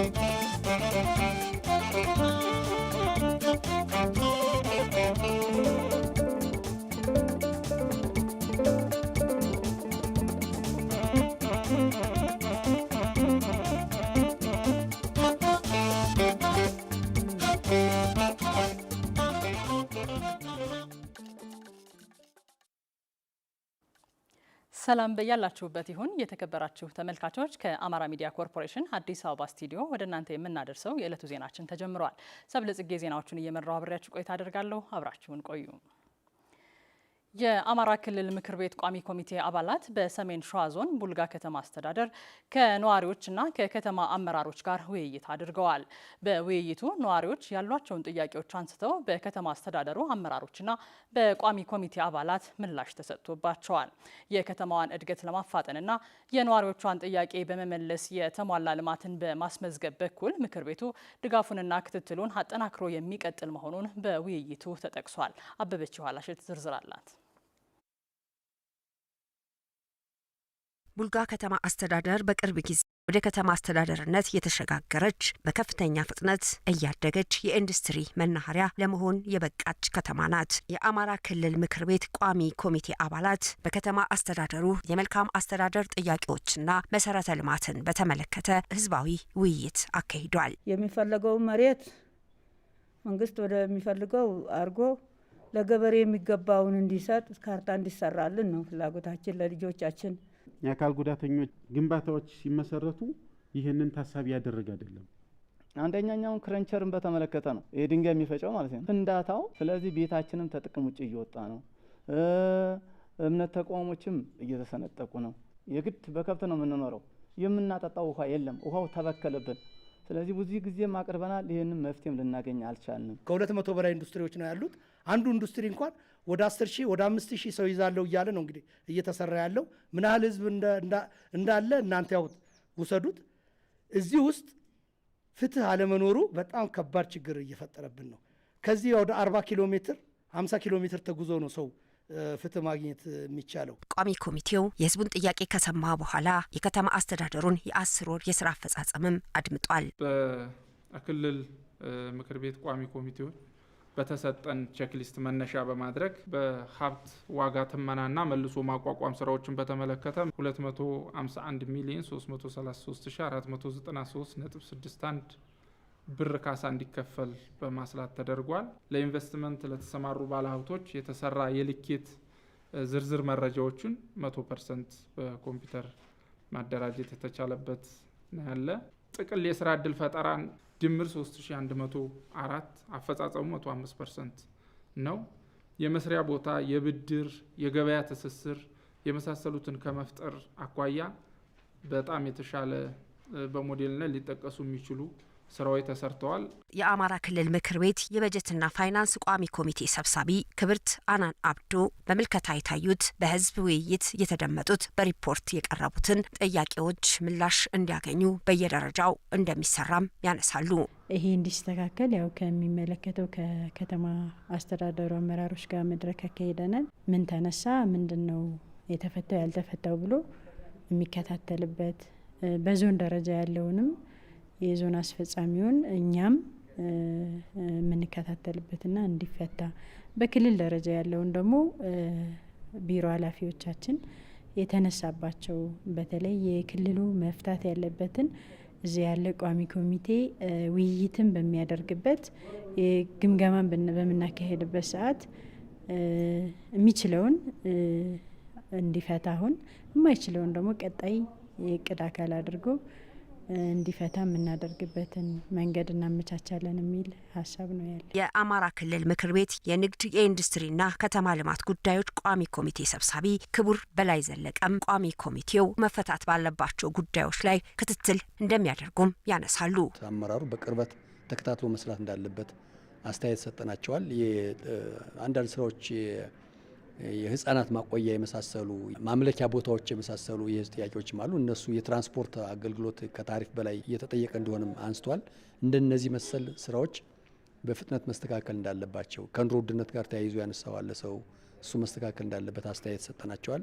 Thank you. ሰላም በያላችሁበት ይሁን የተከበራችሁ ተመልካቾች። ከአማራ ሚዲያ ኮርፖሬሽን አዲስ አበባ ስቱዲዮ ወደ እናንተ የምናደርሰው የዕለቱ ዜናችን ተጀምረዋል። ሰብለጽጌ ዜናዎቹን እየመራው አብሬያችሁ ቆይታ አደርጋለሁ። አብራችሁን ቆዩ። የአማራ ክልል ምክር ቤት ቋሚ ኮሚቴ አባላት በሰሜን ሸዋ ዞን ቡልጋ ከተማ አስተዳደር ከነዋሪዎችና ከከተማ አመራሮች ጋር ውይይት አድርገዋል። በውይይቱ ነዋሪዎች ያሏቸውን ጥያቄዎች አንስተው በከተማ አስተዳደሩ አመራሮችና በቋሚ ኮሚቴ አባላት ምላሽ ተሰጥቶባቸዋል። የከተማዋን እድገት ለማፋጠንና የነዋሪዎቿን ጥያቄ በመመለስ የተሟላ ልማትን በማስመዝገብ በኩል ምክር ቤቱ ድጋፉንና ክትትሉን አጠናክሮ የሚቀጥል መሆኑን በውይይቱ ተጠቅሷል። አበበች ኋላሸት ዝርዝር አላት። ቡልጋ ከተማ አስተዳደር በቅርብ ጊዜ ወደ ከተማ አስተዳደርነት የተሸጋገረች በከፍተኛ ፍጥነት እያደገች የኢንዱስትሪ መናኸሪያ ለመሆን የበቃች ከተማ ናት። የአማራ ክልል ምክር ቤት ቋሚ ኮሚቴ አባላት በከተማ አስተዳደሩ የመልካም አስተዳደር ጥያቄዎችና መሰረተ ልማትን በተመለከተ ህዝባዊ ውይይት አካሂዷል። የሚፈለገው መሬት መንግስት ወደሚፈልገው አድርጎ ለገበሬ የሚገባውን እንዲሰጥ ካርታ እንዲሰራልን ነው ፍላጎታችን ለልጆቻችን የአካል ጉዳተኞች ግንባታዎች ሲመሰረቱ ይህንን ታሳቢ ያደረገ አይደለም። አንደኛኛውን ክረንቸርን በተመለከተ ነው ይህ ድንጋይ የሚፈጨው ማለት ነው ፍንዳታው። ስለዚህ ቤታችንም ተጥቅም ውጭ እየወጣ ነው። እምነት ተቋሞችም እየተሰነጠቁ ነው። የግድ በከብት ነው የምንኖረው። የምናጠጣው ውሃ የለም። ውሃው ተበከለብን። ስለዚህ ብዙ ጊዜም አቅርበናል። ይህንም መፍትሄም ልናገኝ አልቻልንም። ከሁለት መቶ በላይ ኢንዱስትሪዎች ነው ያሉት። አንዱ ኢንዱስትሪ እንኳን ወደ 10 ሺህ ወደ 5 ሺህ ሰው ይዛለው እያለ ነው እንግዲህ እየተሰራ ያለው። ምን ያህል ህዝብ እንዳለ እናንተ ያውት ውሰዱት። እዚህ ውስጥ ፍትህ አለመኖሩ በጣም ከባድ ችግር እየፈጠረብን ነው። ከዚህ ወደ 40 ኪሎ ሜትር 50 ኪሎ ሜትር ተጉዞ ነው ሰው ፍትህ ማግኘት የሚቻለው። ቋሚ ኮሚቴው የህዝቡን ጥያቄ ከሰማ በኋላ የከተማ አስተዳደሩን የአስር ወር የስራ አፈጻጸምም አድምጧል። በክልል ምክር ቤት ቋሚ ኮሚቴዎች በተሰጠን ቼክሊስት መነሻ በማድረግ በሀብት ዋጋ ትመናና መልሶ ማቋቋም ስራዎችን በተመለከተ 251 ሚሊዮን 333493.61 ብር ካሳ እንዲከፈል በማስላት ተደርጓል። ለኢንቨስትመንት ለተሰማሩ ባለሀብቶች የተሰራ የልኬት ዝርዝር መረጃዎችን 100 ፐርሰንት በኮምፒውተር ማደራጀት የተቻለበት ነው ያለ ጥቅል የስራ እድል ፈጠራን ድምር 3104 አፈጻጸሙ 105 ፐርሰንት ነው። የመስሪያ ቦታ፣ የብድር፣ የገበያ ትስስር የመሳሰሉትን ከመፍጠር አኳያ በጣም የተሻለ በሞዴልነት ሊጠቀሱ የሚችሉ ስራዎች ተሰርተዋል። የአማራ ክልል ምክር ቤት የበጀትና ፋይናንስ ቋሚ ኮሚቴ ሰብሳቢ ክብርት አናን አብዶ በምልከታ የታዩት በህዝብ ውይይት የተደመጡት በሪፖርት የቀረቡትን ጥያቄዎች ምላሽ እንዲያገኙ በየደረጃው እንደሚሰራም ያነሳሉ። ይሄ እንዲስተካከል ያው ከሚመለከተው ከከተማ አስተዳደሩ አመራሮች ጋር መድረክ አካሄደናል። ምን ተነሳ፣ ምንድን ነው የተፈታው፣ ያልተፈታው ብሎ የሚከታተልበት በዞን ደረጃ ያለውንም የዞን አስፈጻሚውን እኛም የምንከታተልበትና እንዲፈታ በክልል ደረጃ ያለውን ደግሞ ቢሮ ኃላፊዎቻችን የተነሳባቸው በተለይ የክልሉ መፍታት ያለበትን እዚህ ያለ ቋሚ ኮሚቴ ውይይትን በሚያደርግበት ግምገማን በምናካሄድበት ሰዓት የሚችለውን እንዲፈታ አሁን የማይችለውን ደግሞ ቀጣይ የእቅድ አካል አድርጎ እንዲፈታ የምናደርግበትን መንገድ እናመቻቻለን የሚል ሀሳብ ነው ያለ። የአማራ ክልል ምክር ቤት የንግድ የኢንዱስትሪና ከተማ ልማት ጉዳዮች ቋሚ ኮሚቴ ሰብሳቢ ክቡር በላይ ዘለቀም ቋሚ ኮሚቴው መፈታት ባለባቸው ጉዳዮች ላይ ክትትል እንደሚያደርጉም ያነሳሉ። አመራሩ በቅርበት ተከታትሎ መስራት እንዳለበት አስተያየት ሰጠናቸዋል። አንዳንድ ስራዎች የህፃናት ማቆያ የመሳሰሉ ማምለኪያ ቦታዎች የመሳሰሉ የህዝብ ጥያቄዎችም አሉ። እነሱ የትራንስፖርት አገልግሎት ከታሪፍ በላይ እየተጠየቀ እንደሆነም አንስቷል። እንደነዚህ መሰል ስራዎች በፍጥነት መስተካከል እንዳለባቸው ከኑሮ ውድነት ጋር ተያይዞ ያነሳዋለ ሰው እሱ መስተካከል እንዳለበት አስተያየት ሰጠናቸዋል።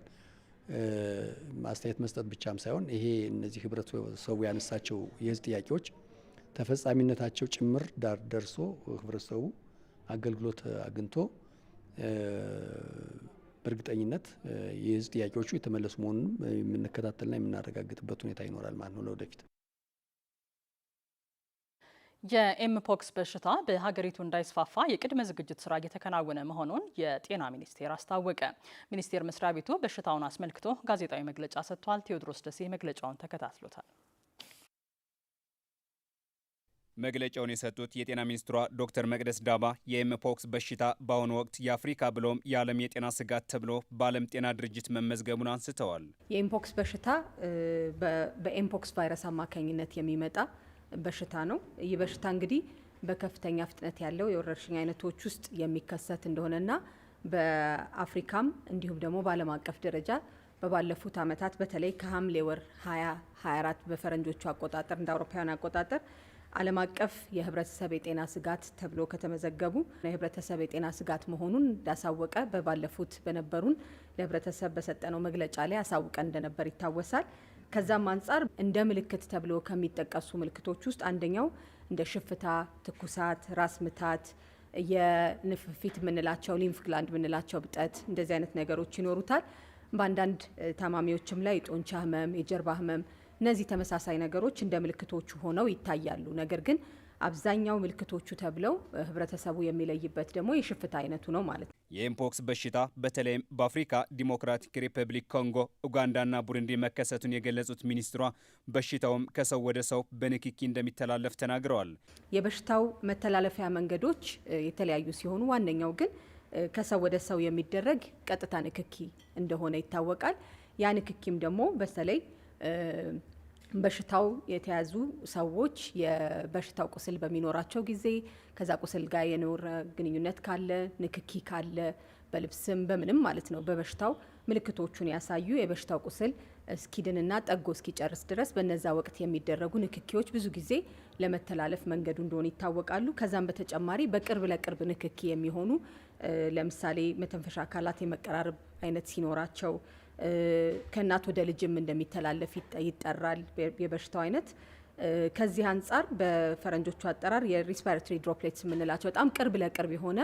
አስተያየት መስጠት ብቻም ሳይሆን ይሄ እነዚህ ህብረተሰቡ ያነሳቸው የህዝብ ጥያቄዎች ተፈጻሚነታቸው ጭምር ዳር ደርሶ ህብረተሰቡ አገልግሎት አግኝቶ በእርግጠኝነት የህዝብ ጥያቄዎቹ የተመለሱ መሆኑንም የምንከታተልና የምናረጋግጥበት ሁኔታ ይኖራል ማለት ነው ለወደፊት። የኤምፖክስ በሽታ በሀገሪቱ እንዳይስፋፋ የቅድመ ዝግጅት ስራ እየተከናወነ መሆኑን የጤና ሚኒስቴር አስታወቀ። ሚኒስቴር መስሪያ ቤቱ በሽታውን አስመልክቶ ጋዜጣዊ መግለጫ ሰጥቷል። ቴዎድሮስ ደሴ መግለጫውን ተከታትሎታል። መግለጫውን የሰጡት የጤና ሚኒስትሯ ዶክተር መቅደስ ዳባ የኤምፖክስ በሽታ በአሁኑ ወቅት የአፍሪካ ብሎም የዓለም የጤና ስጋት ተብሎ በዓለም ጤና ድርጅት መመዝገቡን አንስተዋል። የኤምፖክስ በሽታ በኤምፖክስ ቫይረስ አማካኝነት የሚመጣ በሽታ ነው። ይህ በሽታ እንግዲህ በከፍተኛ ፍጥነት ያለው የወረርሽኝ አይነቶች ውስጥ የሚከሰት እንደሆነና በአፍሪካም እንዲሁም ደግሞ በዓለም አቀፍ ደረጃ በባለፉት ዓመታት በተለይ ከሐምሌ ወር 2024 በፈረንጆቹ አቆጣጠር እንደ አውሮፓውያን አቆጣጠር ዓለም አቀፍ የህብረተሰብ የጤና ስጋት ተብሎ ከተመዘገቡ የህብረተሰብ የጤና ስጋት መሆኑን እንዳሳወቀ በባለፉት በነበሩን ለህብረተሰብ በሰጠነው መግለጫ ላይ አሳውቀ እንደነበር ይታወሳል። ከዛም አንጻር እንደ ምልክት ተብሎ ከሚጠቀሱ ምልክቶች ውስጥ አንደኛው እንደ ሽፍታ፣ ትኩሳት፣ ራስ ምታት፣ የንፍፊት የምንላቸው ሊምፍ ግላንድ የምንላቸው ብጠት እንደዚህ አይነት ነገሮች ይኖሩታል። በአንዳንድ ታማሚዎችም ላይ የጡንቻ ህመም፣ የጀርባ ህመም እነዚህ ተመሳሳይ ነገሮች እንደ ምልክቶቹ ሆነው ይታያሉ። ነገር ግን አብዛኛው ምልክቶቹ ተብለው ህብረተሰቡ የሚለይበት ደግሞ የሽፍታ አይነቱ ነው ማለት ነው። የኤምፖክስ በሽታ በተለይም በአፍሪካ ዲሞክራቲክ ሪፐብሊክ ኮንጎ፣ ኡጋንዳና ቡሩንዲ መከሰቱን የገለጹት ሚኒስትሯ በሽታውም ከሰው ወደ ሰው በንክኪ እንደሚተላለፍ ተናግረዋል። የበሽታው መተላለፊያ መንገዶች የተለያዩ ሲሆኑ ዋነኛው ግን ከሰው ወደ ሰው የሚደረግ ቀጥታ ንክኪ እንደሆነ ይታወቃል። ያ ንክኪም ደግሞ በተለይ በሽታው የተያዙ ሰዎች የበሽታው ቁስል በሚኖራቸው ጊዜ ከዛ ቁስል ጋር የኖረ ግንኙነት ካለ ንክኪ ካለ በልብስም በምንም ማለት ነው በበሽታው ምልክቶቹን ያሳዩ የበሽታው ቁስል እስኪድንና ጠጎ እስኪጨርስ ድረስ በነዛ ወቅት የሚደረጉ ንክኪዎች ብዙ ጊዜ ለመተላለፍ መንገዱ እንደሆነ ይታወቃሉ። ከዛም በተጨማሪ በቅርብ ለቅርብ ንክኪ የሚሆኑ ለምሳሌ መተንፈሻ አካላት የመቀራረብ አይነት ሲኖራቸው ከእናት ወደ ልጅም እንደሚተላለፍ ይጠራል የበሽታው አይነት። ከዚህ አንጻር በፈረንጆቹ አጠራር የሪስፓይሬትሪ ድሮፕሌትስ የምንላቸው በጣም ቅርብ ለቅርብ የሆነ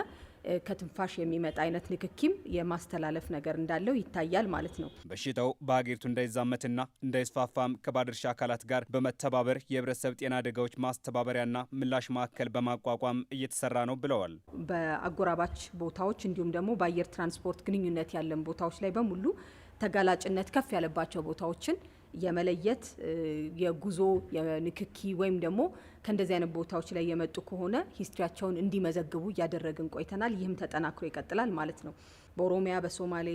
ከትንፋሽ የሚመጣ አይነት ንክኪም የማስተላለፍ ነገር እንዳለው ይታያል ማለት ነው። በሽታው በሀገሪቱ እንዳይዛመትና እንዳይስፋፋም ከባለድርሻ አካላት ጋር በመተባበር የህብረተሰብ ጤና አደጋዎች ማስተባበሪያና ምላሽ ማዕከል በማቋቋም እየተሰራ ነው ብለዋል። በአጎራባች ቦታዎች እንዲሁም ደግሞ በአየር ትራንስፖርት ግንኙነት ያለን ቦታዎች ላይ በሙሉ ተጋላጭነት ከፍ ያለባቸው ቦታዎችን የመለየት የጉዞ የንክኪ ወይም ደግሞ ከእንደዚህ አይነት ቦታዎች ላይ የመጡ ከሆነ ሂስትሪያቸውን እንዲመዘግቡ እያደረግን ቆይተናል። ይህም ተጠናክሮ ይቀጥላል ማለት ነው። በኦሮሚያ በሶማሌ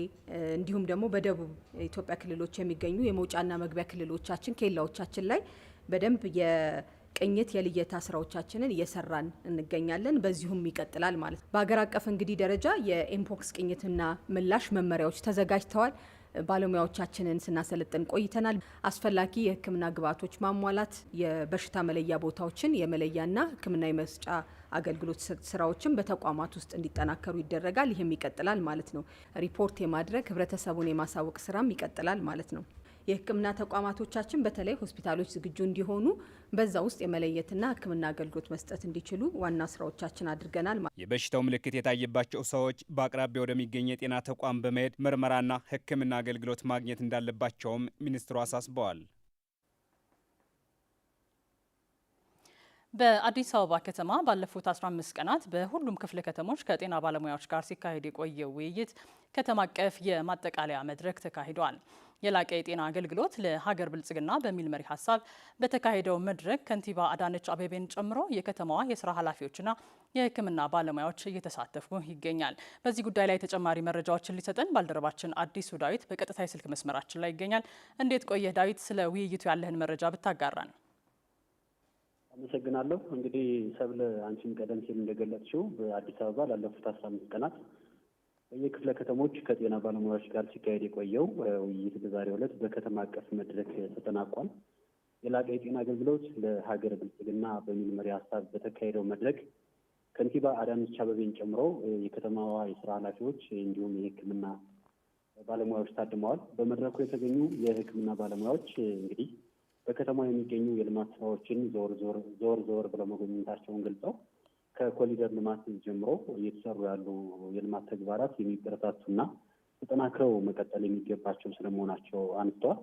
እንዲሁም ደግሞ በደቡብ ኢትዮጵያ ክልሎች የሚገኙ የመውጫና መግቢያ ክልሎቻችን ኬላዎቻችን ላይ በደንብ ቅኝት የልየታ ስራዎቻችንን እየሰራን እንገኛለን። በዚሁም ይቀጥላል ማለት ነው። በሀገር አቀፍ እንግዲህ ደረጃ የኤምፖክስ ቅኝትና ምላሽ መመሪያዎች ተዘጋጅተዋል። ባለሙያዎቻችንን ስናሰለጥን ቆይተናል። አስፈላጊ የህክምና ግብዓቶች ማሟላት፣ የበሽታ መለያ ቦታዎችን የመለያና ህክምና የመስጫ አገልግሎት ስራዎችን በተቋማት ውስጥ እንዲጠናከሩ ይደረጋል። ይህም ይቀጥላል ማለት ነው። ሪፖርት የማድረግ ህብረተሰቡን የማሳወቅ ስራም ይቀጥላል ማለት ነው። የህክምና ተቋማቶቻችን በተለይ ሆስፒታሎች ዝግጁ እንዲሆኑ በዛ ውስጥ የመለየትና ህክምና አገልግሎት መስጠት እንዲችሉ ዋና ስራዎቻችን አድርገናል። የበሽታው ምልክት የታየባቸው ሰዎች በአቅራቢያ ወደሚገኝ የጤና ተቋም በመሄድ ምርመራና ህክምና አገልግሎት ማግኘት እንዳለባቸውም ሚኒስትሩ አሳስበዋል። በአዲስ አበባ ከተማ ባለፉት 15 ቀናት በሁሉም ክፍለ ከተሞች ከጤና ባለሙያዎች ጋር ሲካሄድ የቆየው ውይይት ከተማ አቀፍ የማጠቃለያ መድረክ ተካሂዷል። የላቀ የጤና አገልግሎት ለሀገር ብልጽግና በሚል መሪ ሀሳብ በተካሄደው መድረክ ከንቲባ አዳነች አቤቤን ጨምሮ የከተማዋ የስራ ኃላፊዎችና የሕክምና ባለሙያዎች እየተሳተፉ ይገኛል። በዚህ ጉዳይ ላይ ተጨማሪ መረጃዎችን ሊሰጠን ባልደረባችን አዲሱ ዳዊት በቀጥታ የስልክ መስመራችን ላይ ይገኛል። እንዴት ቆየህ ዳዊት? ስለ ውይይቱ ያለህን መረጃ ብታጋራን። አመሰግናለሁ። እንግዲህ ሰብለ፣ አንቺም ቀደም ሲል እንደገለጽሽው በአዲስ አበባ ላለፉት አስራ አምስት ቀናት በየክፍለ ከተሞች ከጤና ባለሙያዎች ጋር ሲካሄድ የቆየው ውይይት በዛሬው ዕለት በከተማ አቀፍ መድረክ ተጠናቋል። የላቀ የጤና አገልግሎት ለሀገር ብልጽግና በሚል መሪ ሀሳብ በተካሄደው መድረክ ከንቲባ አዳነች አበቤን ጨምሮ የከተማዋ የስራ ኃላፊዎች እንዲሁም የሕክምና ባለሙያዎች ታድመዋል። በመድረኩ የተገኙ የሕክምና ባለሙያዎች እንግዲህ በከተማ የሚገኙ የልማት ስራዎችን ዞር ዞር ዞር ዞር ብለው መጎብኘታቸውን ገልጸው ከኮሊደር ልማት ጀምሮ እየተሰሩ ያሉ የልማት ተግባራት የሚበረታቱና ተጠናክረው መቀጠል የሚገባቸው ስለመሆናቸው አንስተዋል።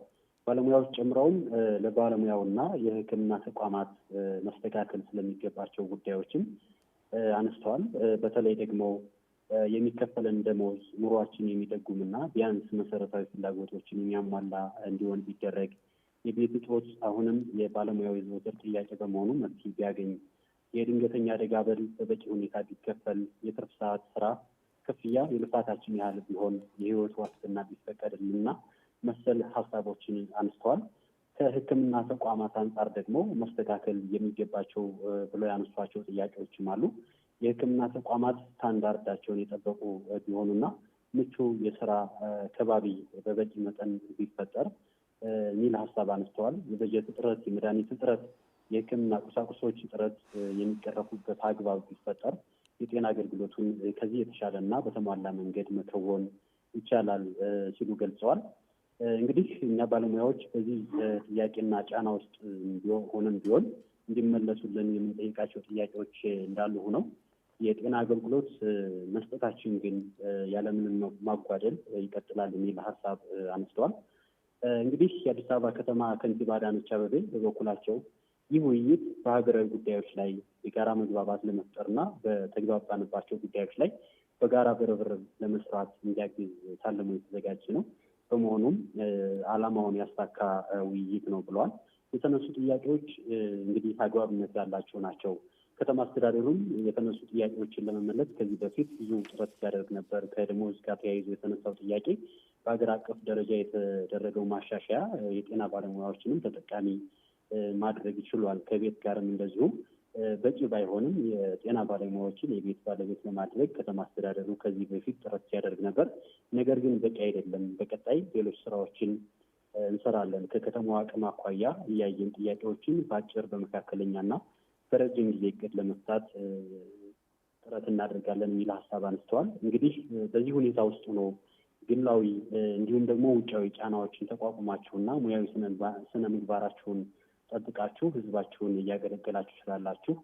ባለሙያዎች ጨምረውም ለባለሙያውና የሕክምና ተቋማት መስተካከል ስለሚገባቸው ጉዳዮችም አንስተዋል። በተለይ ደግሞ የሚከፈለን ደሞዝ ኑሯችን የሚጠጉምና ቢያንስ መሰረታዊ ፍላጎቶችን የሚያሟላ እንዲሆን ቢደረግ፣ የቤት እጦት አሁንም የባለሙያው የዘወትር ጥያቄ በመሆኑ መፍትሄ ቢያገኝ የድንገተኛ አደጋ በል በበቂ ሁኔታ ቢከፈል፣ የትርፍ ሰዓት ስራ ክፍያ የልፋታችን ያህል ቢሆን፣ የህይወት ዋስትና ቢፈቀድልና መሰል ሀሳቦችን አንስተዋል። ከህክምና ተቋማት አንጻር ደግሞ መስተካከል የሚገባቸው ብለው ያነሷቸው ጥያቄዎችም አሉ። የህክምና ተቋማት ስታንዳርዳቸውን የጠበቁ ቢሆኑና ምቹ የስራ ከባቢ በበቂ መጠን ቢፈጠር የሚል ሀሳብ አነስተዋል። የበጀት እጥረት፣ የመድኃኒት እጥረት የሕክምና ቁሳቁሶች እጥረት የሚቀረፉበት አግባብ ቢፈጠር የጤና አገልግሎቱን ከዚህ የተሻለ እና በተሟላ መንገድ መከወን ይቻላል ሲሉ ገልጸዋል። እንግዲህ እኛ ባለሙያዎች በዚህ ጥያቄና ጫና ውስጥ ሆነን ቢሆን እንዲመለሱልን የምንጠይቃቸው ጥያቄዎች እንዳሉ ሆነው የጤና አገልግሎት መስጠታችን ግን ያለምንም ማጓደል ይቀጥላል የሚል ሀሳብ አነስተዋል። እንግዲህ የአዲስ አበባ ከተማ ከንቲባ አዳነች አበቤ በበኩላቸው ይህ ውይይት በሀገራዊ ጉዳዮች ላይ የጋራ መግባባት ለመፍጠር በተግባባንባቸው ጉዳዮች ላይ በጋራ ብርብር ለመስራት እንዲያግዝ ታልሞ የተዘጋጀ ነው። በመሆኑም ዓላማውን ያሳካ ውይይት ነው ብለዋል። የተነሱ ጥያቄዎች እንግዲህ አግባብነት ያላቸው ናቸው። ከተማ አስተዳደሩም የተነሱ ጥያቄዎችን ለመመለስ ከዚህ በፊት ብዙ ጥረት ሲያደርግ ነበር። ከደሞዝ ጋር ተያይዞ የተነሳው ጥያቄ በሀገር አቀፍ ደረጃ የተደረገው ማሻሻያ የጤና ባለሙያዎችንም ተጠቃሚ ማድረግ ችሏል። ከቤት ጋርም እንደዚሁም በቂ ባይሆንም የጤና ባለሙያዎችን የቤት ባለቤት ለማድረግ ከተማ አስተዳደሩ ከዚህ በፊት ጥረት ሲያደርግ ነበር። ነገር ግን በቂ አይደለም። በቀጣይ ሌሎች ስራዎችን እንሰራለን። ከከተማዋ አቅም አኳያ እያየን ጥያቄዎችን በአጭር በመካከለኛና በረጅም ጊዜ እቅድ ለመፍታት ጥረት እናደርጋለን የሚል ሀሳብ አንስተዋል። እንግዲህ በዚህ ሁኔታ ውስጥ ነው ግላዊ እንዲሁም ደግሞ ውጫዊ ጫናዎችን ተቋቁማችሁና ሙያዊ ስነ ምግባራችሁን ጠብቃችሁ ህዝባችሁን እያገለገላችሁ ስላላችሁ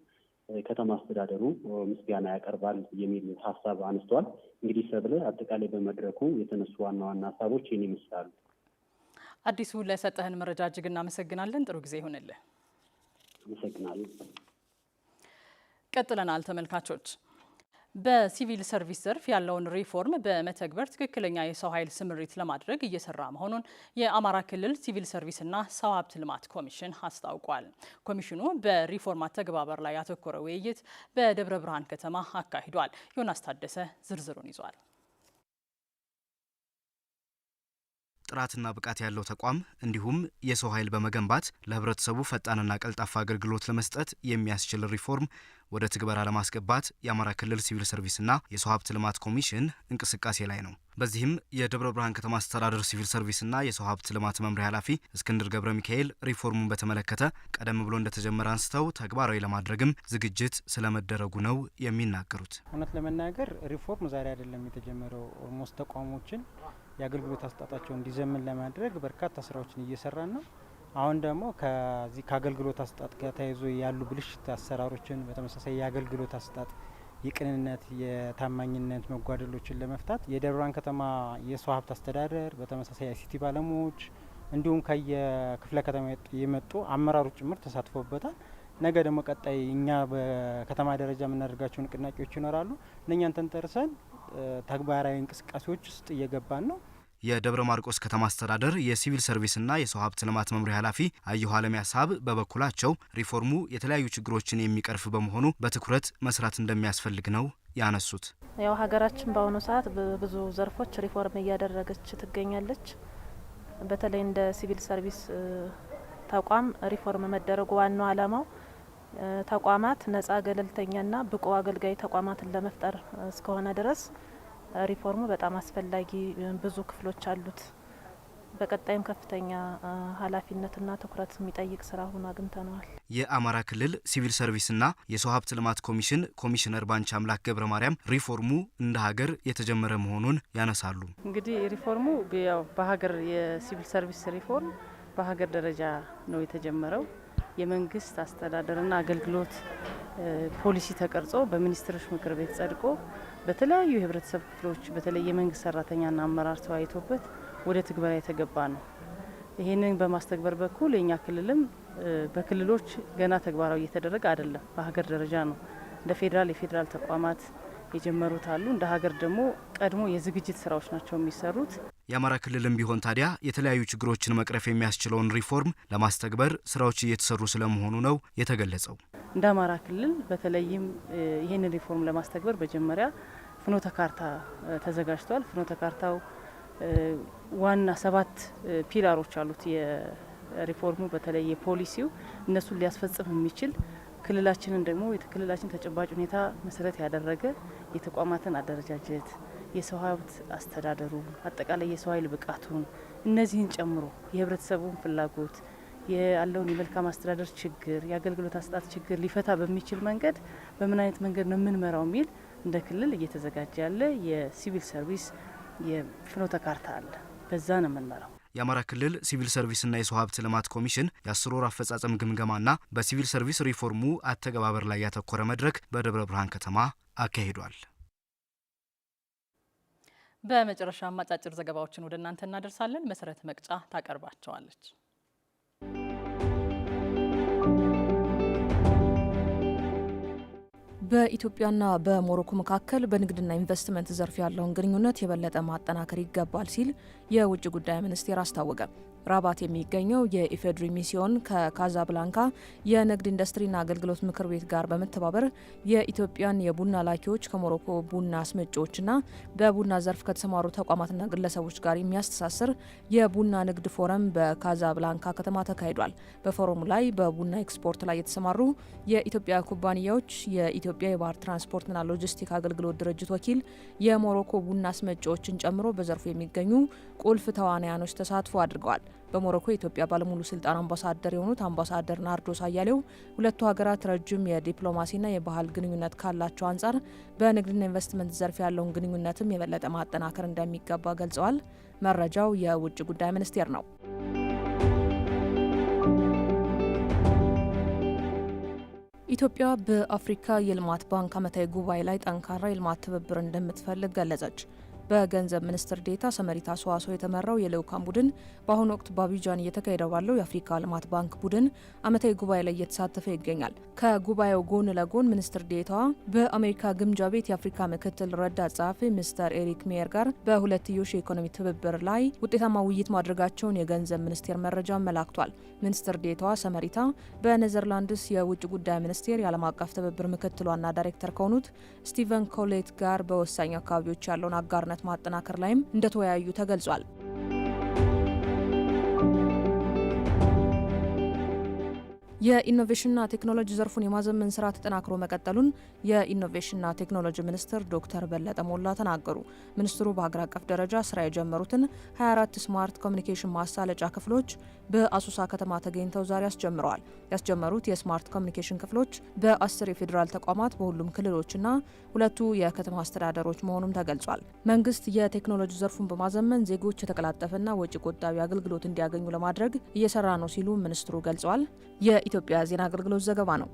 ከተማ አስተዳደሩ ምስጋና ያቀርባል የሚል ሀሳብ አነስተዋል። እንግዲህ ሰብለ አጠቃላይ በመድረኩ የተነሱ ዋና ዋና ሀሳቦች ይህን ይመስላሉ። አዲሱ ለሰጠህን መረጃ እጅግ እናመሰግናለን። ጥሩ ጊዜ ይሁንልህ። አመሰግናለሁ። ቀጥለናል ተመልካቾች። በሲቪል ሰርቪስ ዘርፍ ያለውን ሪፎርም በመተግበር ትክክለኛ የሰው ኃይል ስምሪት ለማድረግ እየሰራ መሆኑን የአማራ ክልል ሲቪል ሰርቪስና ሰው ሀብት ልማት ኮሚሽን አስታውቋል። ኮሚሽኑ በሪፎርም አተገባበር ላይ ያተኮረ ውይይት በደብረ ብርሃን ከተማ አካሂዷል። ዮናስ ታደሰ ዝርዝሩን ይዟል። ጥራትና ብቃት ያለው ተቋም እንዲሁም የሰው ኃይል በመገንባት ለህብረተሰቡ ፈጣንና ቀልጣፋ አገልግሎት ለመስጠት የሚያስችል ሪፎርም ወደ ትግበራ ለማስገባት የአማራ ክልል ሲቪል ሰርቪስና የሰው ሀብት ልማት ኮሚሽን እንቅስቃሴ ላይ ነው። በዚህም የደብረ ብርሃን ከተማ አስተዳደር ሲቪል ሰርቪስና የሰው ሀብት ልማት መምሪያ ኃላፊ እስክንድር ገብረ ሚካኤል ሪፎርሙን በተመለከተ ቀደም ብሎ እንደተጀመረ አንስተው ተግባራዊ ለማድረግም ዝግጅት ስለመደረጉ ነው የሚናገሩት። እውነት ለመናገር ሪፎርም ዛሬ አይደለም የተጀመረው። ኦልሞስት ተቋሞችን የአገልግሎት አሰጣጣቸው እንዲዘምን ለማድረግ በርካታ ስራዎችን እየሰራን ነው። አሁን ደግሞ ከዚህ ከአገልግሎት አሰጣጥ ጋር ተያይዞ ያሉ ብልሽት አሰራሮችን በተመሳሳይ የአገልግሎት አሰጣጥ የቅንነት የታማኝነት መጓደሎችን ለመፍታት የደብረብርሃን ከተማ የሰው ሀብት አስተዳደር በተመሳሳይ አይሲቲ ባለሙያዎች እንዲሁም ከየክፍለ ከተማ የመጡ አመራሮች ጭምር ተሳትፎበታል። ነገ ደግሞ ቀጣይ እኛ በከተማ ደረጃ የምናደርጋቸው ንቅናቄዎች ይኖራሉ። እነኛን ተንጠርሰን ተግባራዊ እንቅስቃሴዎች ውስጥ እየገባን ነው። የደብረ ማርቆስ ከተማ አስተዳደር የሲቪል ሰርቪስና የሰው ሀብት ልማት መምሪያ ኃላፊ አየሁ አለሚያ ሳብ በበኩላቸው ሪፎርሙ የተለያዩ ችግሮችን የሚቀርፍ በመሆኑ በትኩረት መስራት እንደሚያስፈልግ ነው ያነሱት። ያው ሀገራችን በአሁኑ ሰዓት በብዙ ዘርፎች ሪፎርም እያደረገች ትገኛለች። በተለይ እንደ ሲቪል ሰርቪስ ተቋም ሪፎርም መደረጉ ዋናው ዓላማው ተቋማት ነጻ ገለልተኛና ብቁ አገልጋይ ተቋማትን ለመፍጠር እስከሆነ ድረስ ሪፎርሙ በጣም አስፈላጊ ብዙ ክፍሎች አሉት። በቀጣይም ከፍተኛ ኃላፊነትና ትኩረት የሚጠይቅ ስራ ሆኖ አግኝተነዋል። የአማራ ክልል ሲቪል ሰርቪስና የሰው ሀብት ልማት ኮሚሽን ኮሚሽነር ባንች አምላክ ገብረ ማርያም ሪፎርሙ እንደ ሀገር የተጀመረ መሆኑን ያነሳሉ። እንግዲህ ሪፎርሙ ያው በሀገር የሲቪል ሰርቪስ ሪፎርም በሀገር ደረጃ ነው የተጀመረው። የመንግስት አስተዳደርና አገልግሎት ፖሊሲ ተቀርጾ በሚኒስትሮች ምክር ቤት ጸድቆ በተለያዩ የህብረተሰብ ክፍሎች በተለይ የመንግስት ሰራተኛና አመራር ተወያይቶበት ወደ ትግበራ የተገባ ነው። ይህንን በማስተግበር በኩል የኛ ክልልም በክልሎች ገና ተግባራዊ እየተደረገ አይደለም። በሀገር ደረጃ ነው። እንደ ፌዴራል የፌዴራል ተቋማት የጀመሩት አሉ። እንደ ሀገር ደግሞ ቀድሞ የዝግጅት ስራዎች ናቸው የሚሰሩት። የአማራ ክልልም ቢሆን ታዲያ የተለያዩ ችግሮችን መቅረፍ የሚያስችለውን ሪፎርም ለማስተግበር ስራዎች እየተሰሩ ስለመሆኑ ነው የተገለጸው። እንደ አማራ ክልል በተለይም ይህንን ሪፎርም ለማስተግበር መጀመሪያ ፍኖተ ካርታ ተዘጋጅቷል። ፍኖተ ካርታው ዋና ሰባት ፒላሮች አሉት የሪፎርሙ በተለይ የፖሊሲው እነሱን ሊያስፈጽም የሚችል ክልላችንን ደግሞ ክልላችን ተጨባጭ ሁኔታ መሰረት ያደረገ የተቋማትን አደረጃጀት የሰው ሀብት አስተዳደሩን፣ አጠቃላይ የሰው ኃይል ብቃቱን እነዚህን ጨምሮ የህብረተሰቡን ፍላጎት ያለውን የመልካም አስተዳደር ችግር፣ የአገልግሎት አሰጣጥ ችግር ሊፈታ በሚችል መንገድ በምን አይነት መንገድ ነው የምንመራው የሚል እንደ ክልል እየተዘጋጀ ያለ የሲቪል ሰርቪስ የፍኖተ ካርታ አለ። በዛ ነው የምንመራው። የአማራ ክልል ሲቪል ሰርቪስና የሰው ሀብት ልማት ኮሚሽን የአስር ወር አፈጻጸም ግምገማና በሲቪል ሰርቪስ ሪፎርሙ አተገባበር ላይ ያተኮረ መድረክ በደብረ ብርሃን ከተማ አካሂዷል። በመጨረሻም አጫጭር ዘገባዎችን ወደ እናንተ እናደርሳለን። መሰረት መቅጫ ታቀርባቸዋለች። በኢትዮጵያና በሞሮኮ መካከል በንግድና ኢንቨስትመንት ዘርፍ ያለውን ግንኙነት የበለጠ ማጠናከር ይገባል ሲል የውጭ ጉዳይ ሚኒስቴር አስታወቀ። ራባት የሚገኘው የኢፌድሪ ሚስዮን ከካዛብላንካ የንግድ ኢንዱስትሪና አገልግሎት ምክር ቤት ጋር በመተባበር የኢትዮጵያን የቡና ላኪዎች ከሞሮኮ ቡና አስመጪዎችና በቡና ዘርፍ ከተሰማሩ ተቋማትና ግለሰቦች ጋር የሚያስተሳስር የቡና ንግድ ፎረም በካዛብላንካ ከተማ ተካሂዷል። በፎረሙ ላይ በቡና ኤክስፖርት ላይ የተሰማሩ የኢትዮጵያ ኩባንያዎች፣ የኢትዮጵያ የባህር ትራንስፖርትና ሎጂስቲክ አገልግሎት ድርጅት ወኪል፣ የሞሮኮ ቡና አስመጪዎችን ጨምሮ በዘርፉ የሚገኙ ቁልፍ ተዋናያኖች ተሳትፎ አድርገዋል። በሞሮኮ የኢትዮጵያ ባለሙሉ ስልጣን አምባሳደር የሆኑት አምባሳደር ናርዶስ አያሌው ሁለቱ ሀገራት ረጅም የዲፕሎማሲና የባህል ግንኙነት ካላቸው አንጻር በንግድና ኢንቨስትመንት ዘርፍ ያለውን ግንኙነትም የበለጠ ማጠናከር እንደሚገባ ገልጸዋል። መረጃው የውጭ ጉዳይ ሚኒስቴር ነው። ኢትዮጵያ በአፍሪካ የልማት ባንክ ዓመታዊ ጉባኤ ላይ ጠንካራ የልማት ትብብር እንደምትፈልግ ገለጸች። በገንዘብ ሚኒስትር ዴታ ሰመሪታ ሰዋሶ የተመራው የልዑካን ቡድን በአሁኑ ወቅት በአቢጃን እየተካሄደ ባለው የአፍሪካ ልማት ባንክ ቡድን ዓመታዊ ጉባኤ ላይ እየተሳተፈ ይገኛል። ከጉባኤው ጎን ለጎን ሚኒስትር ዴታዋ በአሜሪካ ግምጃ ቤት የአፍሪካ ምክትል ረዳት ጸሐፊ ሚስተር ኤሪክ ሜየር ጋር በሁለትዮሽ የኢኮኖሚ ትብብር ላይ ውጤታማ ውይይት ማድረጋቸውን የገንዘብ ሚኒስቴር መረጃ አመላክቷል። ሚኒስትር ዴታዋ ሰመሪታ በኔዘርላንድስ የውጭ ጉዳይ ሚኒስቴር የዓለም አቀፍ ትብብር ምክትል ዋና ዳይሬክተር ከሆኑት ስቲቨን ኮሌት ጋር በወሳኝ አካባቢዎች ያለውን አጋርነት ማጠናከር ላይም እንደተወያዩ ተገልጿል። የኢኖቬሽንና ቴክኖሎጂ ዘርፉን የማዘመን ስራ ተጠናክሮ መቀጠሉን የኢኖቬሽንና ቴክኖሎጂ ሚኒስትር ዶክተር በለጠ ሞላ ተናገሩ። ሚኒስትሩ በሀገር አቀፍ ደረጃ ስራ የጀመሩትን 24 ስማርት ኮሚኒኬሽን ማሳለጫ ክፍሎች በአሶሳ ከተማ ተገኝተው ዛሬ አስጀምረዋል። ያስጀመሩት የስማርት ኮሚኒኬሽን ክፍሎች በአስር የፌዴራል ተቋማት በሁሉም ክልሎችና ሁለቱ የከተማ አስተዳደሮች መሆኑም ተገልጿል። መንግስት የቴክኖሎጂ ዘርፉን በማዘመን ዜጎች የተቀላጠፈና ወጪ ቆጣቢ አገልግሎት እንዲያገኙ ለማድረግ እየሰራ ነው ሲሉ ሚኒስትሩ ገልጸዋል። የኢትዮጵያ ዜና አገልግሎት ዘገባ ነው።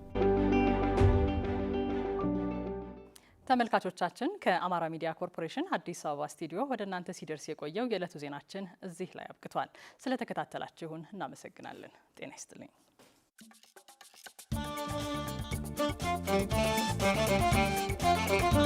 ተመልካቾቻችን ከአማራ ሚዲያ ኮርፖሬሽን አዲስ አበባ ስቱዲዮ ወደ እናንተ ሲደርስ የቆየው የዕለቱ ዜናችን እዚህ ላይ አብቅቷል። ስለተከታተላችሁን እናመሰግናለን። ጤና ይስጥልኝ።